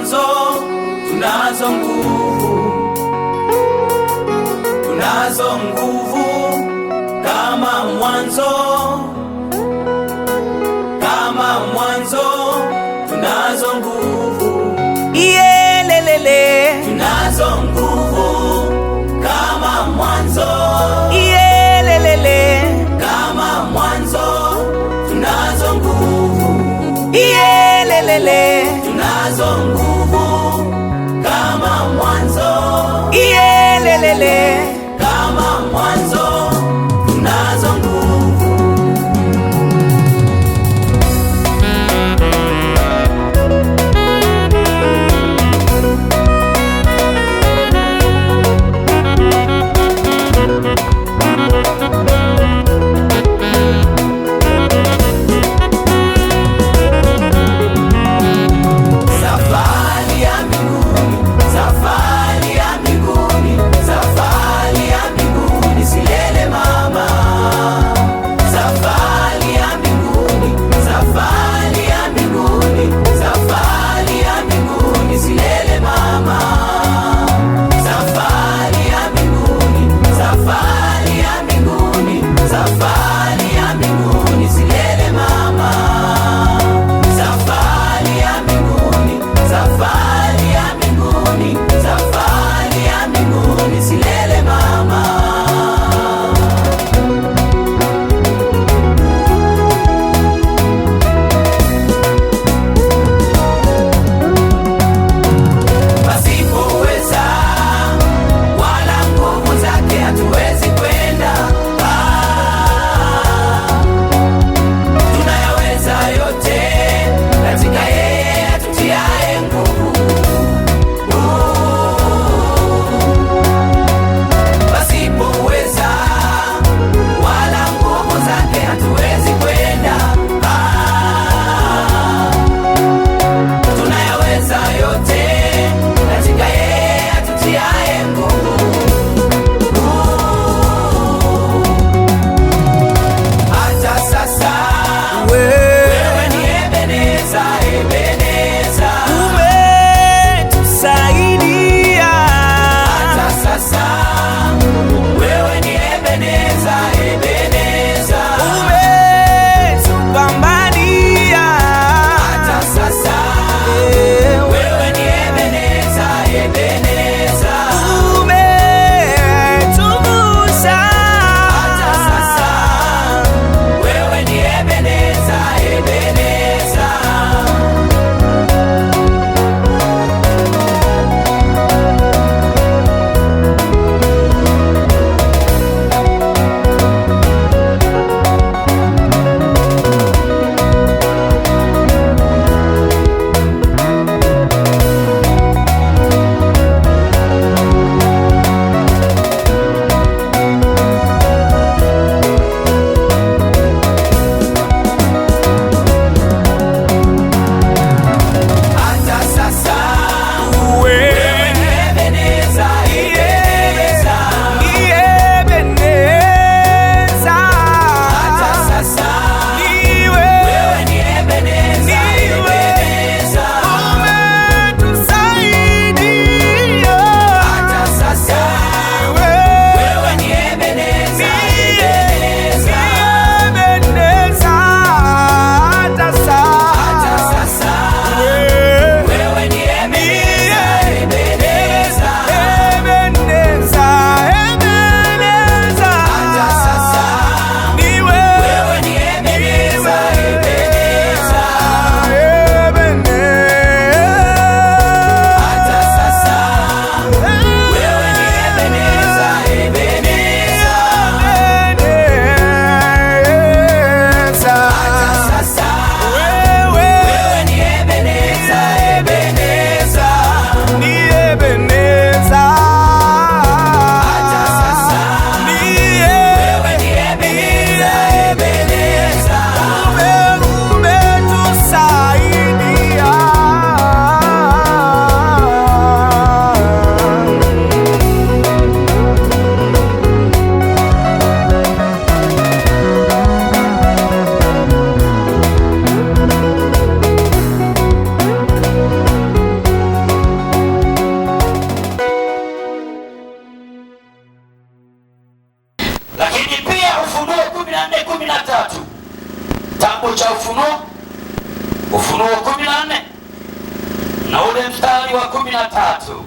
mwanzo, tunazo nguvu, tunazo nguvu kama mwanzo, kama mwanzo, tunazo nguvu yelelele, tunazo nguvu kama mwanzo lakini pia Ufunuo kumi na nne kumi na tatu kitabu cha Ufunuo, Ufunuo kumi na nne na ule mstari wa kumi na tatu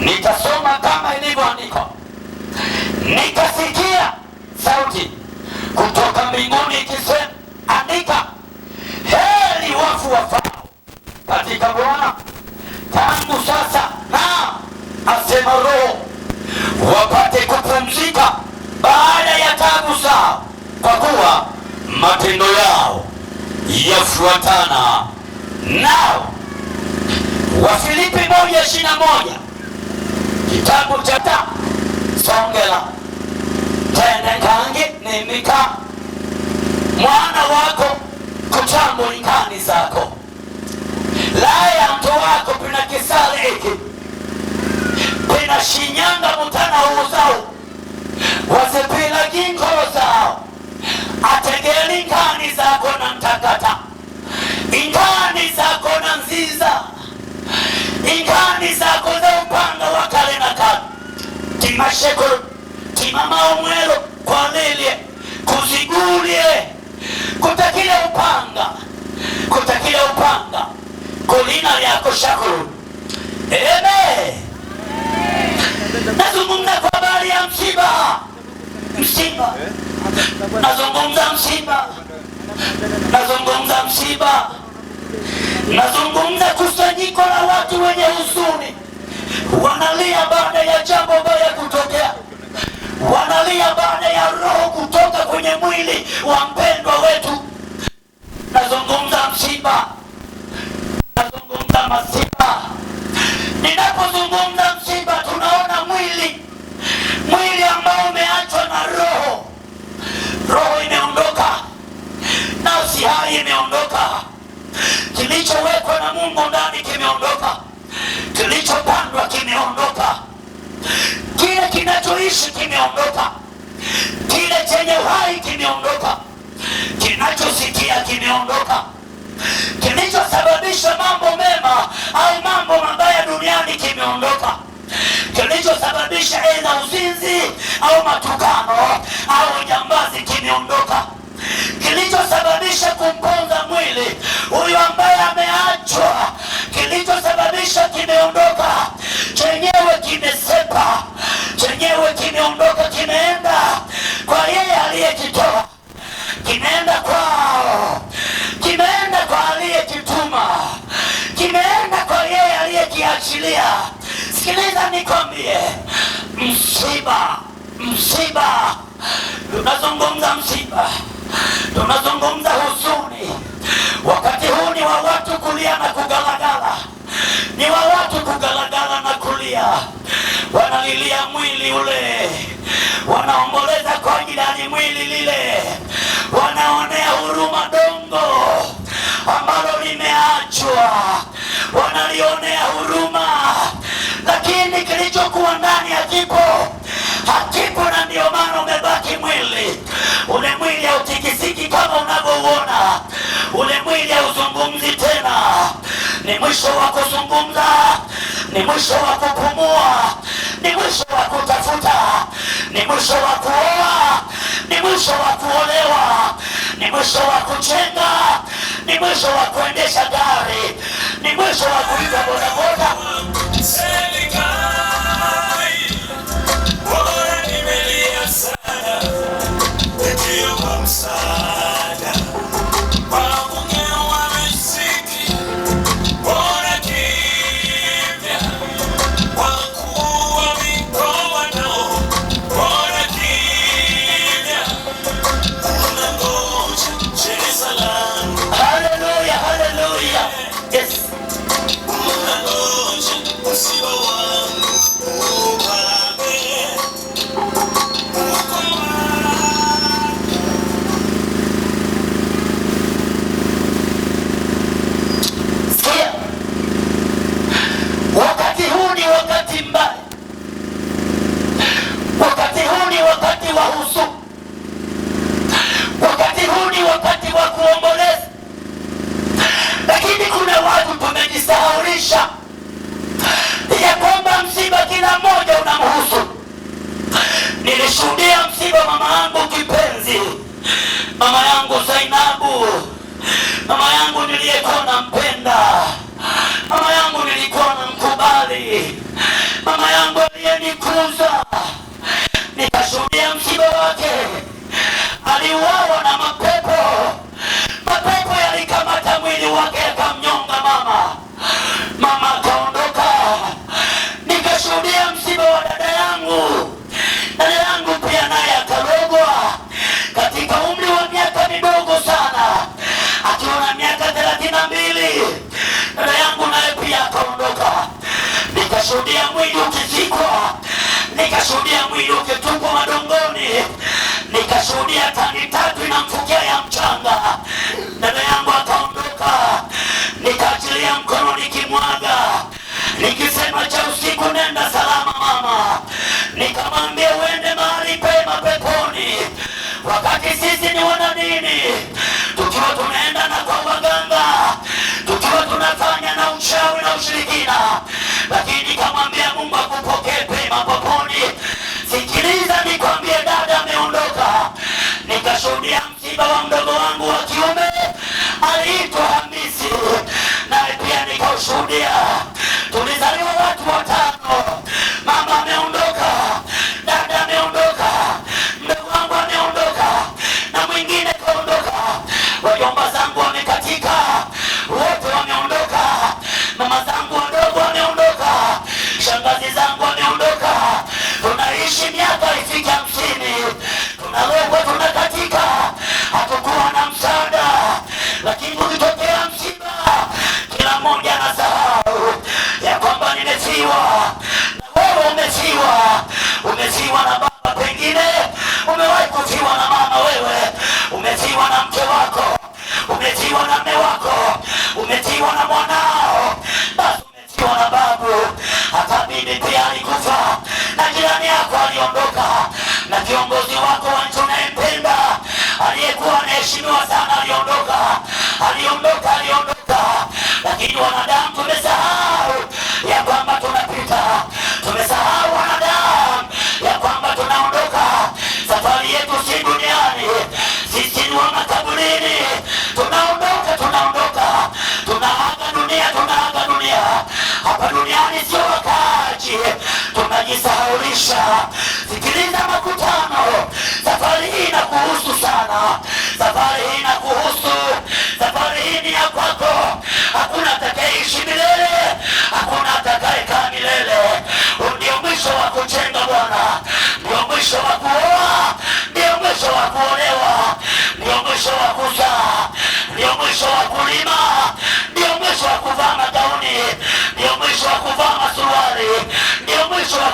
nitasoma kama ilivyoandikwa. Nikasikia sauti kutoka mbinguni ikisema, andika, heri wafu wafao katika Bwana tangu sasa, na asema Roho wapate kupumzika baada ya tabu zao, kwa kuwa matendo yao yafuatana nao. Wafilipi moja ishirini na moja kitabu cha ta songela ni nimika mwana wako kutambo zako laya mto wako pina kisale iki pina shinyanga mutana uuzao wasipilaginghoza zako na mtakata ingani zako na nziza ingani zako za upanga wa kale na kale timashekolo timamaomwelo kwamilye kuzigulye kutakile upanga kutakile upanga kulina lyako shakulu ebe nazungumza kwa bali ya msiba msiba, eh? nazungumza msiba, nazungumza msiba, nazungumza kusanyiko la watu wenye huzuni, wanalia baada ya jambo baya kutokea, wanalia baada ya roho kutoka kwenye mwili wa mpendwa wetu. Nazungumza msiba kilichowekwa na Mungu ndani kimeondoka, kilichopandwa kimeondoka, kile kinachoishi kimeondoka, kile chenye uhai kimeondoka, kinachosikia kimeondoka, kilichosababisha mambo mema au mambo mabaya duniani kimeondoka kilichosababisha aidha uzinzi au matukano au jambazi kimeondoka, kilichosababisha kumpa nakwambia, sikiliza nikwambie, msiba msiba, tunazungumza msiba, tunazungumza huzuni. Wakati huu ni wa watu kulia na kugalagala, ni wa watu kugalagala na kulia, wanalilia mwili ule, wanaomboleza kwa jirani mwili lile, wanaonea huruma dongo ambalo limeachwa wanalionea huruma, lakini kilichokuwa ndani hakipo, hakipo, na ndio maana umebaki mwili. Ule mwili hautikisiki kama unavyouona, ule mwili hauzungumzi tena. Ni mwisho wa kuzungumza, ni mwisho wa kupumua, ni mwisho wa kutafuta, ni mwisho wa kuoa, ni mwisho wa kuolewa, ni mwisho wa kuchenga, ni mwisho wa kuendesha gari. Salah. nilipenda mama yangu, nilikuwa namkubali mama yangu aliyenikuza, nikashuhudia msiba wake. Aliuawa na mapepo, mapepo yalikamata mwili wake yakamnyonga mama, mama akaondoka. Nikashuhudia msiba wa dada yangu, dada yangu pia naye akalogwa katika umri wa miaka midogo sana, akiwa na miaka thelathini na mbili. nikashuhudia mwili ukizikwa, nikashuhudia mwili ukitupwa madongoni, nikashuhudia tani tatu inamfukia ya mchanga. Dada yangu akaondoka, nikaachilia mkono nikimwaga, nikisema cha usiku, nenda salama mama, nikamwambia uende mahali pema peponi, wakati sisi ni wana tukiwa tunaenda na kwa waganga tukiwa tunafanya na uchawi na ushirikina lakini nikamwambia Mungu akupokee pema peponi. Sikiliza nikwambie, dada ameondoka. Nikashuhudia msiba wa mdogo wangu wa kiume aliitwa Hamisi, naye pia nikaushuhudia. Tulizaliwa watu watano, mama ameondoka sana. Sikiliza makutano, safari hii na kuhusu sana, safari hii na kuhusu, safari hii ni ya kwako. Hakuna atakayeishi milele, hakuna atakayekaa milele. Ndio mwisho wa kujenga Bwana, ndio mwisho wa kuoa, ndio mwisho wa kuolewa, ndio mwisho wa kuzaa, ndio mwisho wa kulima, ndio mwisho wa kuvaa magauni, ndio mwisho wa kuvaa masuruali, ndio mwisho wa